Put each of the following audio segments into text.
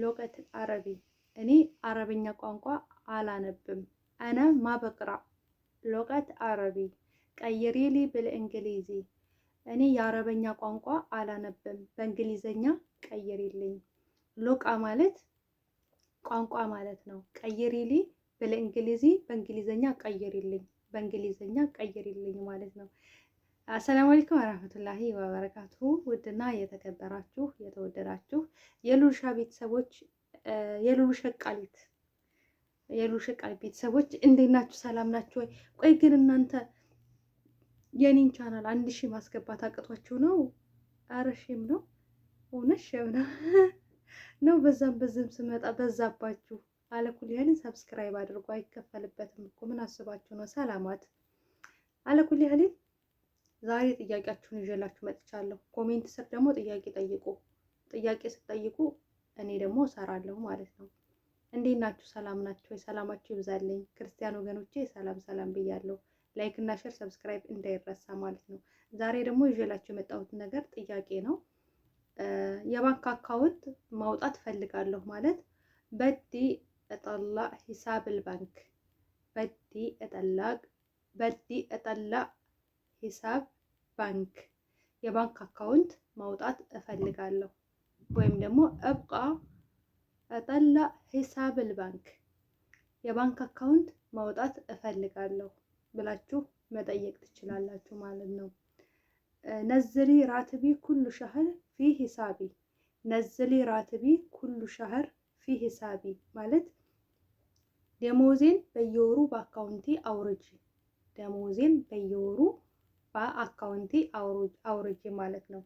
ሎቀትል አረቢ እኔ አረብኛ ቋንቋ አላነብም። አነ ማበቅራ ሎቀት አረቢ ቀይሪሊ ብልእንግሊዚ እኔ የአረበኛ ቋንቋ አላነብም፣ በእንግሊዘኛ ቀይሪልኝ። ሎቃ ማለት ቋንቋ ማለት ነው። ቀይሪሊ ብልእንግሊዚ በእንግሊዘኛ ቀይሪልኝ፣ በእንግሊዘኛ ቀይሪልኝ ማለት ነው። አሰላሙ አለይኩም ወራህመቱላሂ ወበረካቱሁ። ውድና የተከበራችሁ የተወደዳችሁ የሉሻ ቤተሰቦች የሉሉ ሸቃሊት የሉሉ ሸቃሊት ቤተሰቦች እንዴት ናችሁ? ሰላም ናችሁ ወይ? ቆይ ግን እናንተ የኔን ቻናል አንድ ሺህ ማስገባት አቅቷችሁ ነው? አረ ነው ሆነሽ ሺህም ነው። በዛም በዝም ስመጣ በዛባችሁ። አለኩል ያህልን ሰብስክራይብ አድርጎ አይከፈልበትም እኮ ምን አስባችሁ ነው? ሰላማት አለኩል ያህልን ዛሬ ጥያቄያችሁን ይዤላችሁ መጥቻለሁ። ኮሜንት ስር ደግሞ ጥያቄ ጠይቁ። ጥያቄ ስትጠይቁ እኔ ደግሞ እሰራለሁ ማለት ነው። እንዴት ናችሁ? ሰላም ናችሁ? የሰላማችሁ ይብዛልኝ። ክርስቲያን ወገኖቼ ሰላም ሰላም ብያለሁ። ላይክ እና ሼር ሰብስክራይብ እንዳይረሳ ማለት ነው። ዛሬ ደግሞ ይዤላችሁ የመጣሁት ነገር ጥያቄ ነው። የባንክ አካውንት ማውጣት ፈልጋለሁ ማለት በዲ እጠላ ሂሳብ ልባንክ በዲ እጠላቅ በዲ እጠላቅ ሂሳብ ባንክ የባንክ አካውንት ማውጣት እፈልጋለሁ ወይም ደግሞ እብቃ እጠላ ሂሳብ ባንክ የባንክ አካውንት ማውጣት እፈልጋለሁ ብላችሁ መጠየቅ ትችላላችሁ ማለት ነው። ነዝሊ ራትቢ ኩሉ ሻህር ፊ ሂሳቢ ነዝሊ ራትቢ ኩሉ ሻህር ፊ ሂሳቢ ማለት ደሞዜን በየወሩ በአካውንቴ አውርጂ ደሞዜን በየወሩ በአካውንቴ አውርጄ ማለት ነው።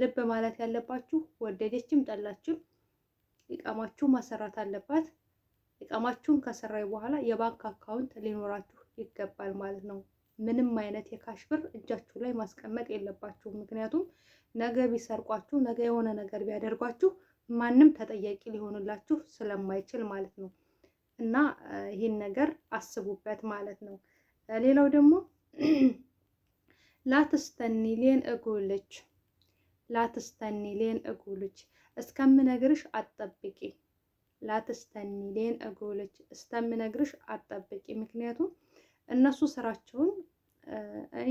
ልብ ማለት ያለባችሁ ወደደችም ጠላችሁ ኢቃማችሁ ማሰራት አለባት። ኢቃማችሁን ከሰራይ በኋላ የባንክ አካውንት ሊኖራችሁ ይገባል ማለት ነው። ምንም አይነት የካሽ ብር እጃችሁ ላይ ማስቀመጥ የለባችሁ። ምክንያቱም ነገ ቢሰርቋችሁ፣ ነገ የሆነ ነገር ቢያደርጓችሁ ማንም ተጠያቂ ሊሆንላችሁ ስለማይችል ማለት ነው። እና ይህን ነገር አስቡበት ማለት ነው። ሌላው ደግሞ ላትስተኒ ሌን እጉልች ላትስተኒ ሌን እጉልች እስከምነግርሽ አጠብቂ ላትስተኒ ሌን እጉልች እስከምነግርሽ አጠብቂ። ምክንያቱም እነሱ ስራቸውን እኔ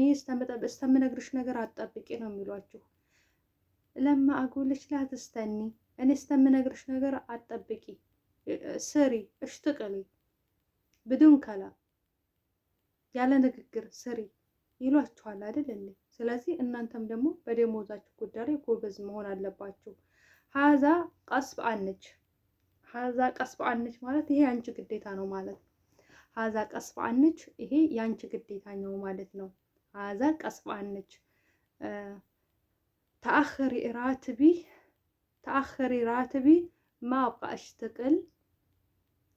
እስከምነግርሽ ነገር አጠብቂ ነው የሚሏችሁ። ለማ አጉልች ላትስተኒ እኔ እስከምነግርሽ ነገር አትጠብቂ ስሪ እሽትቅሊ ብዱን ከላ ያለ ንግግር ስሪ ይሏችኋል አይደል እንዴ? ስለዚህ እናንተም ደግሞ በደሞዛችሁ ጉዳይ ላይ ጎበዝ መሆን አለባችሁ። ሀዛ ቀስብ አንች ሀዛ ቀስብ አንች ማለት ይሄ የአንቺ ግዴታ ነው ማለት ነው። ሀዛ ቀስብ አንች ይሄ የአንቺ ግዴታ ነው ማለት ነው። ሀዛ ቀስብ አንች ተአኸሪ ራትቢ ተአኸሪ ራትቢ ማብቃሽ አብቃ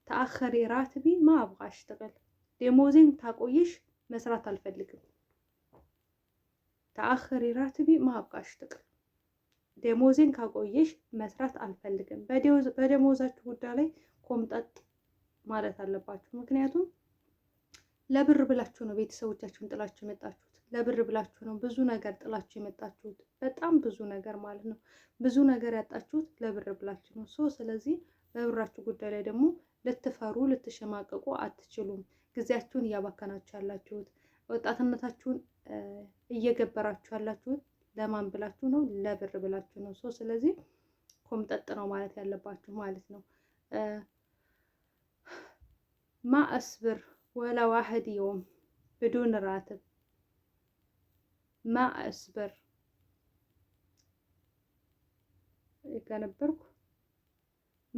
ተአኸሪ ራትቢ ማብቃሽ አብቃ እሽትቅል ደሞዜን ታቆይሽ መስራት አልፈልግም። ተአኸሪ ራትቢ ማብቃሽ ጥቅም ደሞዜን ካቆየሽ መስራት አልፈልግም። በደሞዛችሁ ጉዳይ ላይ ቆምጠጥ ማለት አለባችሁ። ምክንያቱም ለብር ብላችሁ ነው ቤተሰቦቻችሁን ጥላችሁ የመጣችሁት። ለብር ብላችሁ ነው ብዙ ነገር ጥላችሁ የመጣችሁት። በጣም ብዙ ነገር ማለት ነው። ብዙ ነገር ያጣችሁት ለብር ብላችሁ ነው። ሶ ስለዚህ በብራችሁ ጉዳይ ላይ ደግሞ ልትፈሩ ልትሸማቀቁ አትችሉም። ጊዜያችሁን እያባከናችሁ ያላችሁት ወጣትነታችሁን እየገበራችሁ ያላችሁት ለማን ብላችሁ ነው? ለብር ብላችሁ ነው። ሶ ስለዚህ ኮምጠጥ ነው ማለት ያለባችሁ ማለት ነው። ማ አስብር ወላ ዋህድ የውም ብዱን ራትብ ማ አስብር የከነበርኩ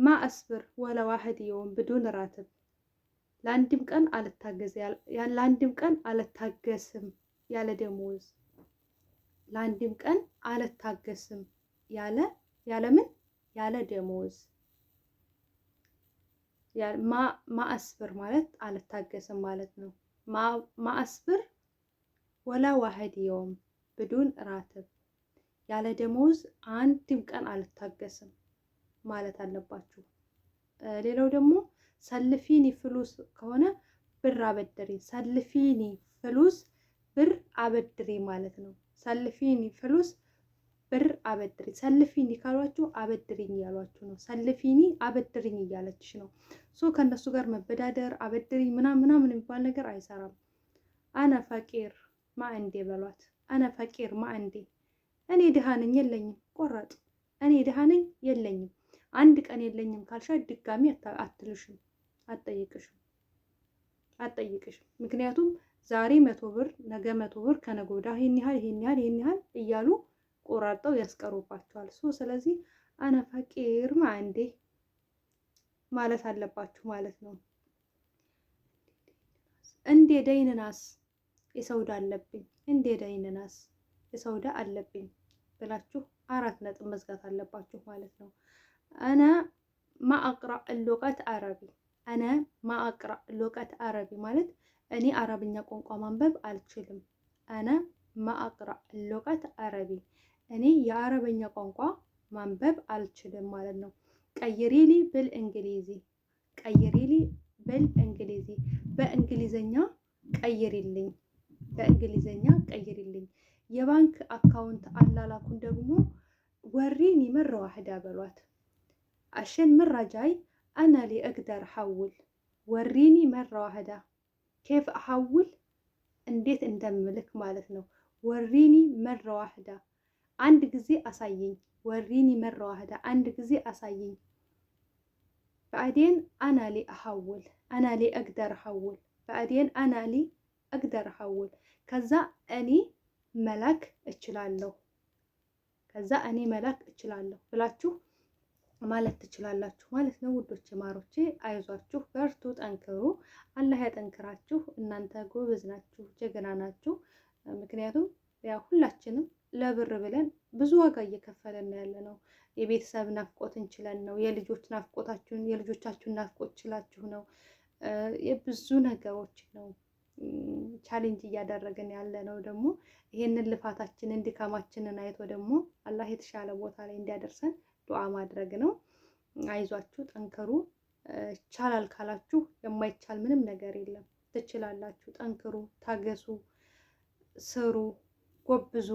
ማ አስብር ወላ ዋህድ የውም ብዱን ራትብ ለአንድም ቀን አልታገዝ ለአንድም ቀን አልታገስም ያለ ደሞዝ ለአንድም ቀን አልታገስም ያለ ያለምን ያለ ደሞዝ ማአስብር ማለት አልታገስም ማለት ነው። ማአስብር ወላ ዋህድ የውም ብዱን ራትብ ያለ ደሞዝ አንድም ቀን አልታገስም ማለት አለባችሁ። ሌላው ደግሞ ሰልፊኒ ፍሉስ ከሆነ ብር አበደሪኝ፣ ሰልፊኒ ፍሉስ ብር አበድሪ ማለት ነው። ሰልፊኒ ፍሉስ ብር አበድሪ። ሰልፊኒ ካሏችሁ አበድሪኝ እያሏችሁ ነው። ሰልፊኒ አበድሪኝ እያለችሽ ነው። ሶ ከእነሱ ጋር መበዳደር አበድሪኝ ምናምን ምናምን የሚባል ነገር አይሰራም። አነ ፈቂር ማእንዴ በሏት። አነ ፈቂር ማዕንዴ፣ እኔ ድሃ ነኝ የለኝም፣ ቆረጥ። እኔ ድሃ ነኝ የለኝም፣ አንድ ቀን የለኝም ካልሻ ድጋሚ አትልሽም፣ አትጠይቅሽም፣ አትጠይቅሽም ምክንያቱም ዛሬ መቶ ብር ነገ መቶ ብር ከነገ ወዲያ ያህል ይህን ያህል ይህን ያህል እያሉ ቆራርጠው ያስቀሩባቸዋል። ሶ ስለዚህ አነ ፈቂር እንዴ ማለት አለባችሁ ማለት ነው። እንዴ ደይንናስ የሰውዳ አለብኝ እንዴ ደይንናስ የሰውዳ አለብኝ ብላችሁ አራት ነጥብ መዝጋት አለባችሁ ማለት ነው። አነ ማአቅራ ሎቀት አረቢ አነ ማአቅራ ሎቀት አረቢ ማለት እኔ አረብኛ ቋንቋ ማንበብ አልችልም። አነ ማአቅራ ሎቀት አረቢ እኔ የአረበኛ ቋንቋ ማንበብ አልችልም ማለት ነው። ቀይሪሊ ብል እንግሊዚ ቀይሪሊ ብል እንግሊዚ በእንግሊዘኛ ቀይሪልኝ በእንግሊዘኛ ቀይሪልኝ። የባንክ አካውንት አላላኩን ደግሞ ወሪኒ ምራ ዋህዳ በሏት። አሸን ምራጃይ ጃይ አና ሊ እግደር ሐውል ወሪኒ ምራ ዋህዳ ኬፍ አሐውል እንዴት እንደምልክ ማለት ነው። ወሪኒ መረ ዋህዳ አንድ ጊዜ አሳየኝ። ወሪኒ መረ ዋህዳ አንድ ጊዜ አሳየኝ። በአዴን አናሊ አሐውል አናሊ አግደር አሐውል በአዴን አናሊ አግደር አሐውል ከዛ እኔ መላክ እችላለሁ ከዛ እኔ መላክ እችላለሁ ብላችሁ ማለት ትችላላችሁ ማለት ነው። ውዶች ማሮቼ፣ አይዟችሁ፣ በርቱ፣ ጠንክሩ። አላህ ያጠንክራችሁ። እናንተ ጎበዝ ናችሁ፣ ጀግና ናችሁ። ምክንያቱም ያው ሁላችንም ለብር ብለን ብዙ ዋጋ እየከፈለን ያለ ነው። የቤተሰብ ናፍቆት እንችለን ነው። የልጆች ናፍቆታችሁን የልጆቻችሁን ናፍቆት ችላችሁ ነው። የብዙ ነገሮች ነው ቻሌንጅ እያደረግን ያለ ነው። ደግሞ ይሄንን ልፋታችንን ድካማችንን አይቶ ደግሞ አላህ የተሻለ ቦታ ላይ እንዲያደርሰን ዱዓ ማድረግ ነው። አይዟችሁ፣ ጠንክሩ። ይቻላል ካላችሁ የማይቻል ምንም ነገር የለም። ትችላላችሁ። ጠንክሩ፣ ታገሱ፣ ስሩ፣ ጎብዙ።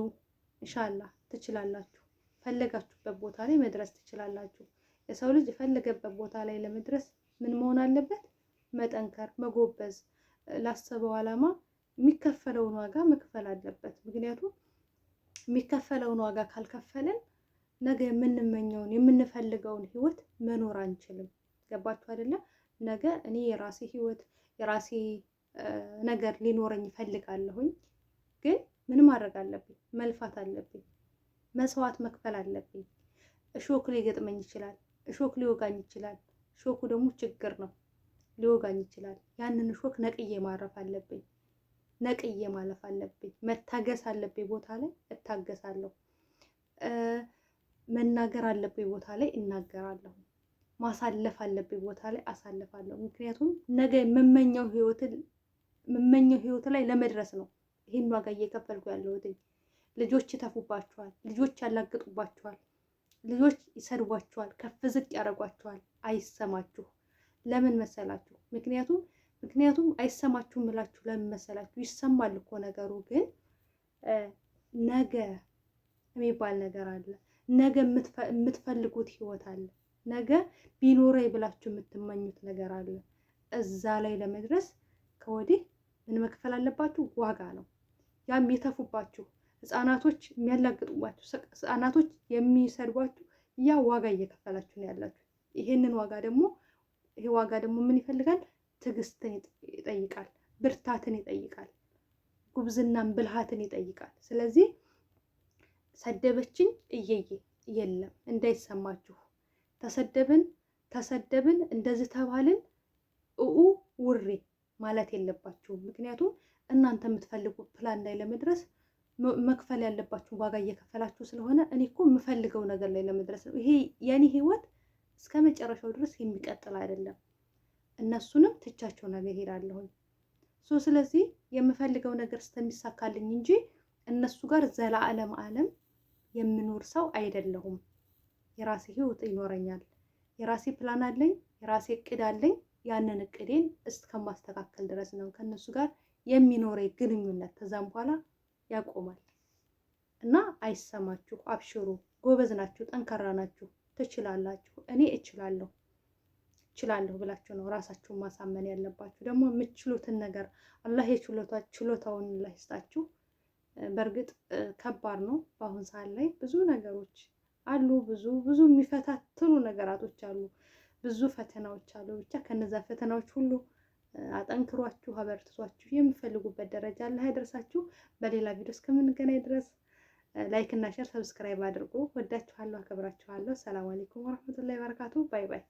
እንሻላ ትችላላችሁ። ፈለጋችሁበት ቦታ ላይ መድረስ ትችላላችሁ። የሰው ልጅ የፈለገበት ቦታ ላይ ለመድረስ ምን መሆን አለበት? መጠንከር፣ መጎበዝ፣ ላሰበው ዓላማ የሚከፈለውን ዋጋ መክፈል አለበት። ምክንያቱም የሚከፈለውን ዋጋ ካልከፈልን ነገ የምንመኘውን የምንፈልገውን ህይወት መኖር አንችልም። ገባችሁ አይደለም? ነገ እኔ የራሴ ህይወት የራሴ ነገር ሊኖረኝ እፈልጋለሁኝ። ግን ምን ማድረግ አለብኝ? መልፋት አለብኝ። መስዋዕት መክፈል አለብኝ። እሾክ ሊገጥመኝ ይችላል። እሾክ ሊወጋኝ ይችላል። እሾኩ ደግሞ ችግር ነው፣ ሊወጋኝ ይችላል። ያንን እሾክ ነቅዬ ማረፍ አለብኝ። ነቅዬ ማለፍ አለብኝ። መታገስ አለብኝ። ቦታ ላይ እታገሳለሁ። መናገር አለብኝ ቦታ ላይ እናገራለሁ። ማሳለፍ አለብኝ ቦታ ላይ አሳልፋለሁ። ምክንያቱም ነገ መመኛው ህይወትን መመኛው ህይወት ላይ ለመድረስ ነው ይህን ዋጋ እየከፈልኩ ያለሁትኝ። ልጆች ይተፉባችኋል፣ ልጆች ያላግጡባችኋል፣ ልጆች ይሰድቧችኋል፣ ከፍ ዝቅ ያደርጓችኋል። አይሰማችሁ ለምን መሰላችሁ? ምክንያቱም ምክንያቱም አይሰማችሁም እላችሁ ለምን መሰላችሁ? ይሰማል እኮ ነገሩ ግን ነገ የሚባል ነገር አለ ነገ የምትፈልጉት ህይወት አለ። ነገ ቢኖረኝ ብላችሁ የምትመኙት ነገር አለ። እዛ ላይ ለመድረስ ከወዲህ ምን መክፈል አለባችሁ? ዋጋ ነው። ያም የተፉባችሁ ህጻናቶች የሚያላግጡባችሁ፣ ህጻናቶች የሚሰድቧችሁ፣ ያ ዋጋ እየከፈላችሁ ነው ያላችሁ። ይሄንን ዋጋ ደግሞ ይሄ ዋጋ ደግሞ ምን ይፈልጋል? ትዕግስትን ይጠይቃል፣ ብርታትን ይጠይቃል፣ ጉብዝናን ብልሃትን ይጠይቃል። ስለዚህ ሰደበችኝ እየዬ የለም እንዳይሰማችሁ ተሰደብን ተሰደብን እንደዚህ ተባልን እኡ ውሬ ማለት የለባችሁም። ምክንያቱም እናንተ የምትፈልጉት ፕላን ላይ ለመድረስ መክፈል ያለባችሁ ዋጋ እየከፈላችሁ ስለሆነ እኔ እኮ የምፈልገው ነገር ላይ ለመድረስ ነው። ይሄ የኔ ህይወት እስከ መጨረሻው ድረስ የሚቀጥል አይደለም። እነሱንም ትቻቸው ነገር ሄዳለሁኝ። ስለዚህ የምፈልገው ነገር ስተሚሳካልኝ እንጂ እነሱ ጋር ዘላለም አለም የምኖር ሰው አይደለሁም። የራሴ ህይወት ይኖረኛል። የራሴ ፕላን አለኝ። የራሴ እቅድ አለኝ። ያንን እቅዴን እስከማስተካከል ድረስ ነው ከእነሱ ጋር የሚኖረ ግንኙነት። ከዛም በኋላ ያቆማል እና አይሰማችሁ፣ አብሽሩ፣ ጎበዝ ናችሁ፣ ጠንካራ ናችሁ፣ ትችላላችሁ፣ እኔ እችላለሁ እችላለሁ ብላችሁ ነው ራሳችሁን ማሳመን ያለባችሁ። ደግሞ የምትችሉትን ነገር አላህ ችሎታውን ላይ ይስጣችሁ። በእርግጥ ከባድ ነው። በአሁን ሰዓት ላይ ብዙ ነገሮች አሉ። ብዙ ብዙ የሚፈታትኑ ነገራቶች አሉ። ብዙ ፈተናዎች አሉ። ብቻ ከነዛ ፈተናዎች ሁሉ አጠንክሯችሁ አበርትቷችሁ የምፈልጉበት ደረጃ ላይ ያደርሳችሁ። በሌላ ቪዲዮ እስከምንገናኝ ድረስ ላይክ እና ሸር ሰብስክራይብ አድርጎ ወዳችኋለሁ፣ አከብራችኋለሁ። ሰላም አለይኩም ወረህመቱላሂ በረካቱ። ባይ ባይ።